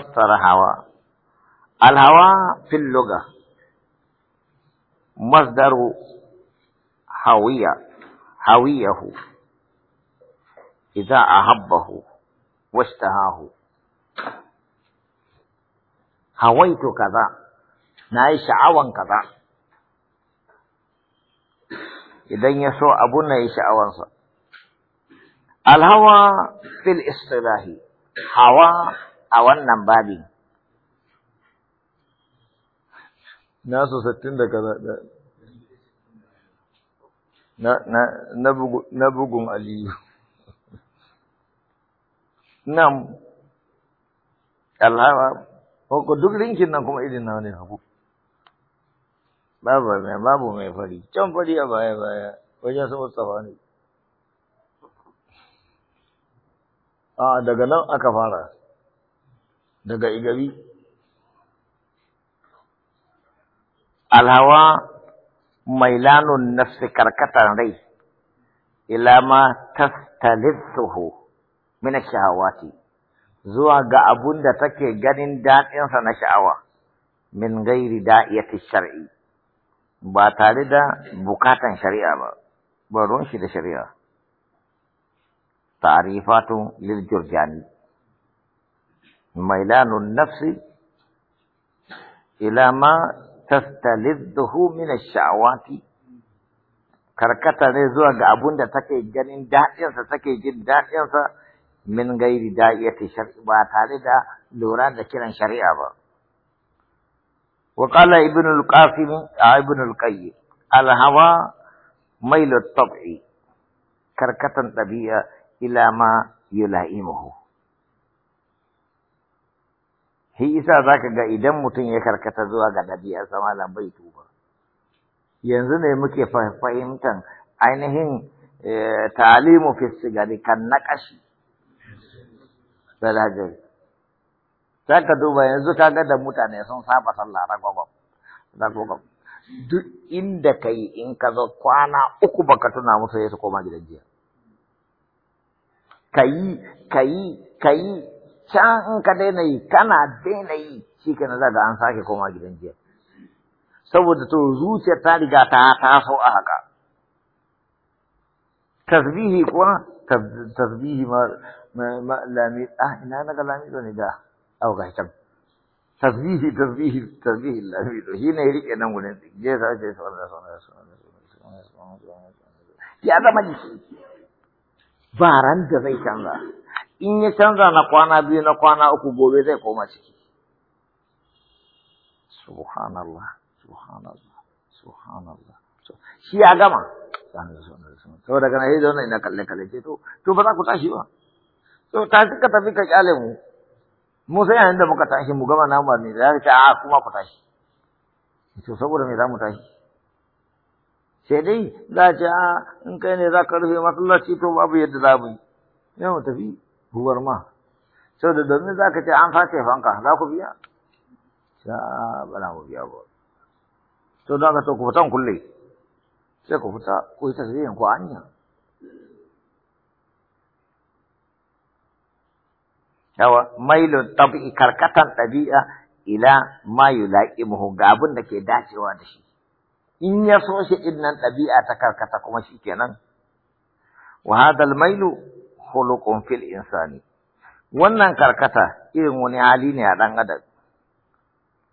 فسر هوا الهوى في اللغة مصدر هوية هويه إذا أحبه واشتهاه هويت كذا نعيش عوا كذا إذا يسوع أبونا abun na الهوى في الاصطلاح هوى a wannan babi. Nasu sattin da kaza na bugun Aliyu. Nan, Allah ko duk rinkin nan kuma irin na wani haku. Babu mai babu mai fari, can fari a baya baya wajen su Mustapha ne. A ah, daga nan aka fara. daga igari alhawa mai lanun nafsi karkatar rai ila ma tastalithuhu min ce, zuwa ga abun da take ganin daɗinsa na sha'awa min gairi da'iyati shar'i ba tare da bukatan shari'a ba ba ruwan shi da shari'a ta'rifatu lil jurjani ميلان النفس الى ما تستلذه من الشعوات كركتا زوا ga تكي جنين take ganin dadin sa take jin dadin sa min gairi da'iyati shar'i ba tare da lura da kiran وقال ابن القاسم آه، ابن القيم الهوى ميل الطبعي كركتا طبيع الى ما يلائمه shi isa za ka ga idan mutum ya karkata zuwa ga ɗabi'arsa malam bai tuba yanzu ne muke fahimtar ainihin eh, talimu fi sigari kan naƙashi sadajai za ka duba yanzu ka ga da mutane sun saba sallah ragwagwam duk inda ka yi in ka zo kwana uku baka tuna musu ya su koma gidan jiya ka yi ka yi ka yi can in ka daina yi kana daina yi shi ke na an sake koma gidan jiya saboda to zuciyar ta riga ta taso a haka tasbihi kuwa tasbihi ma lami ah ina naga lami ne da au ga can tasbihi tasbihi tasbihi lami to shi ne rike nan gurin ce ya zama jiki ba ran da zai canza in ya canza na kwana biyu na kwana uku gobe zai koma ciki subhanallah subhanallah subhanallah shi ya gama sau daga na da na ina kalle kalle ce to ba za ku tashi ba to tashi ka tafi ka kyale mu mu sai yayin da muka tashi mu gama namu ne za ka a kuma ku tashi to saboda me za mu tashi sai dai za a ce a in kai ne za ka rufe masallaci to babu yadda za mu yi yau tafi ruwar ma sau da domin za ka ce an face fanka za ku biya sha ba na biya ba Sau da ka so ku fitan kulle sai ku fita ku yi tafiyan ku hanya yawa mailun tabi'i karkatan ɗabi'a ila ma yulaqimuhu ga abin da ke dacewa da shi in ya so shi ɗin nan ɗabi'a ta karkata kuma shi kenan wa hadal mailu khuluqun في الإنسان wannan karkata irin wani hali ne a dan adam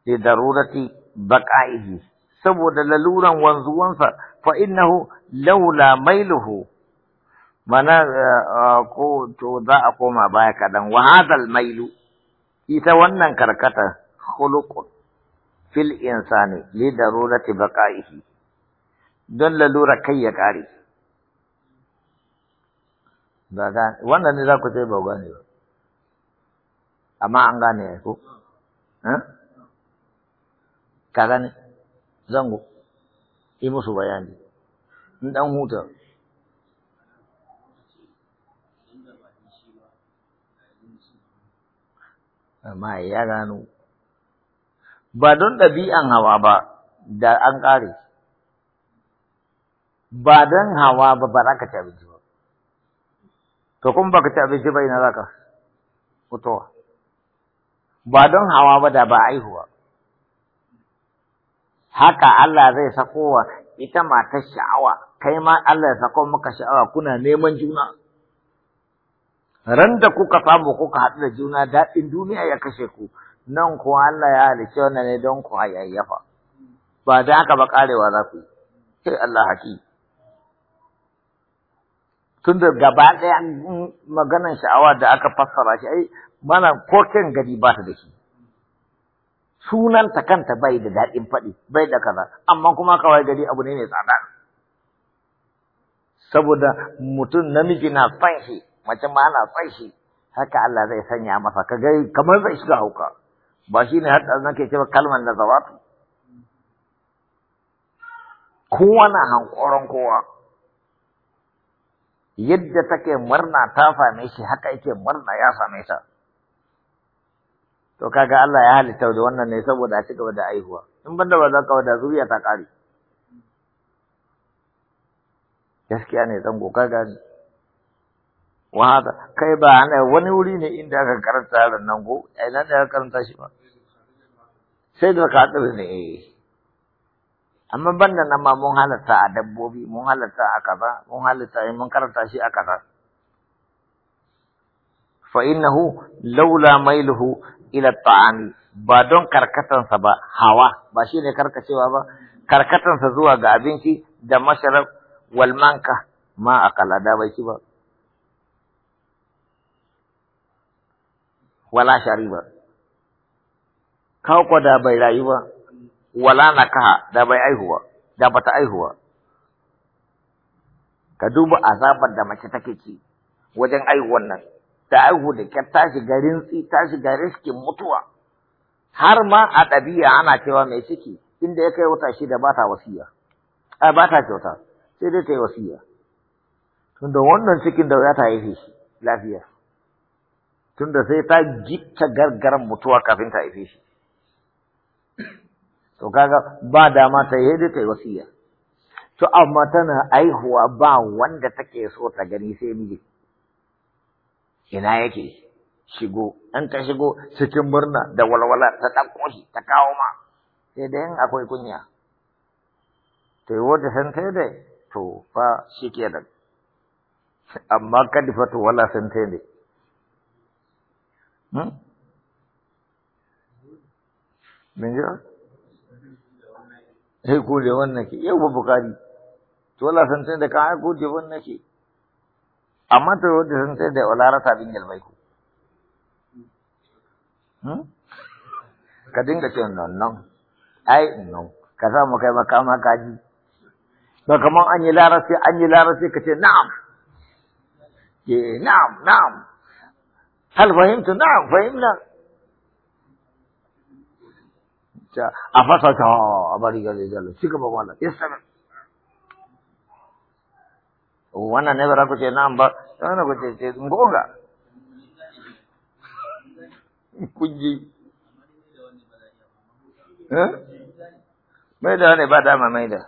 da darurati baqaihi saboda laluran wanzuwansa fa innahu laula mailuhu mana ko to za a koma baya kadan wa hadal mailu ita wannan karkata khuluq fil insani li darurati baqaihi don lalura kai ya kare ba gane wannan ne za ku ce ba gane ba amma an gane ya ko eh? ka gane zango yi musu bayani in dan huta amma ya gano ba don ɗabi'an hawa ba da an ƙare ba don hawa ba ba za ka ci abinci ba to kun baka ci abinci ba ina zaka fitowa ba don hawa ba da ba aihuwa haka Allah zai sako wa ita matar sha'awa kai ma Allah ya sako maka sha'awa kuna neman juna Randa da kuka samu kuka haɗu da juna daɗin duniya ya kashe ku nan kuwa Allah ya halicce wannan ne don ku hayayyafa ba da haka ba karewa za ku yi sai Allah haƙi tun da gaba ɗaya maganan sha'awa da aka fassara shi ai mana koken gari ba ta da shi sunanta kanta bai da daɗin faɗi bai da kaza amma kuma kawai gari abu ne mai tsada saboda mutum namiji na san shi mace ma na san shi haka Allah zai sanya masa ka gai kamar zai shiga hauka ba shi ne har ke cewa kalmar da zawatu kowa na hankoron kowa yadda take murna ta same shi haka yake murna ya same ta to kaga Allah ya halitta da wannan ne saboda a cigaba da aihuwa in banda ba za ka wada zuriya ta kare gaskiya ne zango kaga wahada kai ba ana wani wuri ne inda aka karanta yaron nan go A ina ne aka karanta shi ba sai da ka ne eh amma banda nan ma mun halarta a dabbobi mun halarta a kaza mun halatta mun karanta shi a kaza fa innahu laula mailuhu ila ta'ami ba don karkatansa ba hawa ba shine karkacewa ba karkatansa zuwa ga abinci da masharab wal manka ma akala da bai ci ba wala shariba kawo da bai rayu ba wala nakaha da bai aihuwa da bata aihuwa ka duba azabar da mace take ci wajen aihuwan nan ta aihu da kyar ta shiga rintsi ta shiga riskin mutuwa har ma a ɗabi'a ana cewa mai ciki inda ya kai wata shida ba ta wasiya a ba ta kyauta sai dai ta yi wasiya tunda wannan cikin da za ta haife shi lafiya tunda sai ta gitta gargaran mutuwa kafin ta haife shi to kaga ba dama ta yi da ta yi wasiya to amma tana aihuwa ba wanda take so ta gani sai miji ina yake shigo an ta shigo cikin murna da walwala ta ɗauko shi ta kawo ma sai dai yin akwai kunya to yi wata san ta dai? to fa shi ke da amma kadifa to wala san ta yi Min hmm? jira? kai kuje wannan ke yau ba bukari to Allah san sai da kai kuje wannan ke amma to wanda san sai da wala rasa bin galbai ku hmm? ka dinga ce nan nan ai nan ka sa mu kai maka ma kaji ba kaman an yi larasi an yi larasi ka ce na'am ke eh, na'am na'am hal fahimtu na'am fahimna a fasa ta a bari gare jalo ci gaba wala ya sami wannan ne bara kuce nan ba wannan ku ce ce ngoga kuji mai da wani ba dama mai da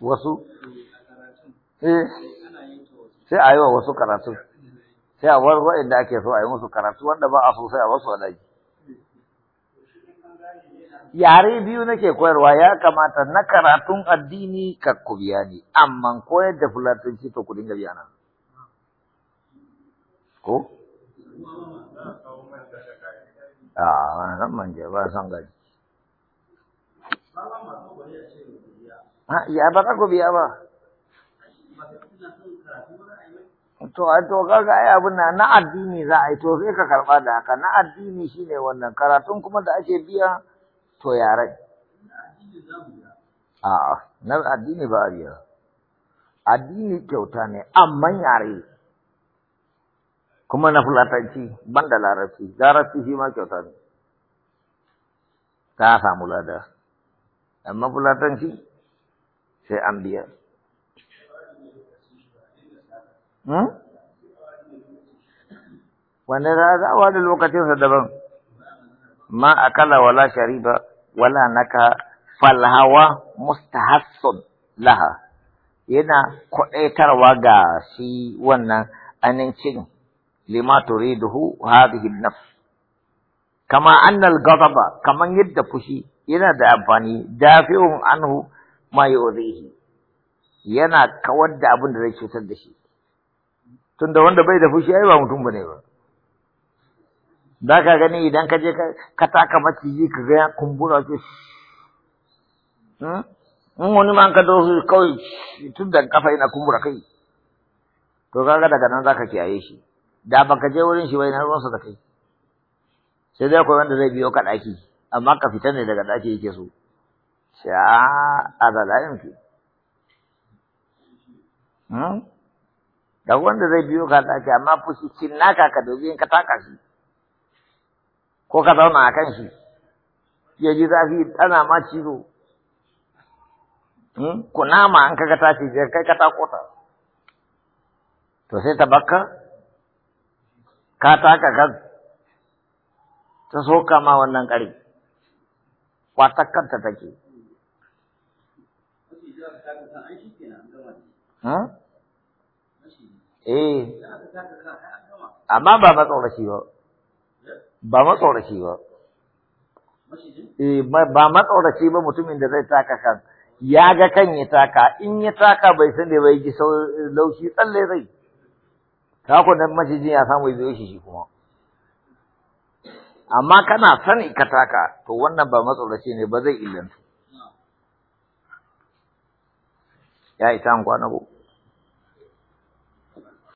wasu eh sai a yi wa wasu karatu sai a bar waɗanda ake so a yi musu karatu wanda ba a so sai a su a daji yare biyu nake koyarwa ya kamata na karatun addini ka ku biya ni amma koyar da fulatanci to ku dinga biya nan ko a nan manje ba san gaji ya ba ka ku biya ba to to kaga ai abin na na addini za a yi to sai ka karba da haka na addini shine wannan karatun kuma da ake biya to yare a'a na addini ba a biya addini kyauta ne amma yare kuma na fulatanci ban da larabci larabci shi ma kyauta ne ta samu lada amma fulatanci sai an biya wanda za a wada lokacinsa daban ma akala wala shariba wala naka falhawa mustahassun laha yana kwaɗaitarwa ga shi wannan anincin lima turiduhu hadhihi nafs kama annal ghadaba kaman yadda fushi yana da amfani dafi'un anhu ma yu'dhihi yana kawar da abin da zai cutar da shi tunda wanda bai da fushi ai ba mutum bane ba da ka gani idan ka je ka taka maciji ka ga kumbura ce hmm? in wani man ka dosu kawai tun da kafa ina kumbura kai to kaga daga nan zaka kiyaye shi da baka je wurin shi bai na ruwansa da kai sai dai akwai wanda zai biyo ka ɗaki amma ka fita ne daga ɗaki yake so sha a da layin da wanda zai biyo ka ɗaki amma fushi cin naka ka dobi in ka taka shi ko ka zauna a kan shi ya ji zafi tana ma cizo hmm? kunama an kaga ta ce kai ka tako ta to sai ta bakka ka taka ka ta soka ma wannan ƙari kwatar kanta take Hmm? eh amma ba matsorashi ba ba matsorashi ba eh ba matsorashi ba mutumin da zai taka kan ya ga kan ya taka in ya taka bai san da bai ji laushi tsalle zai ka ku nan maciji ya samu ya shi shi kuma amma kana sani ka taka to wannan ba matsorashi ne ba zai illanta ya ita an kwana ko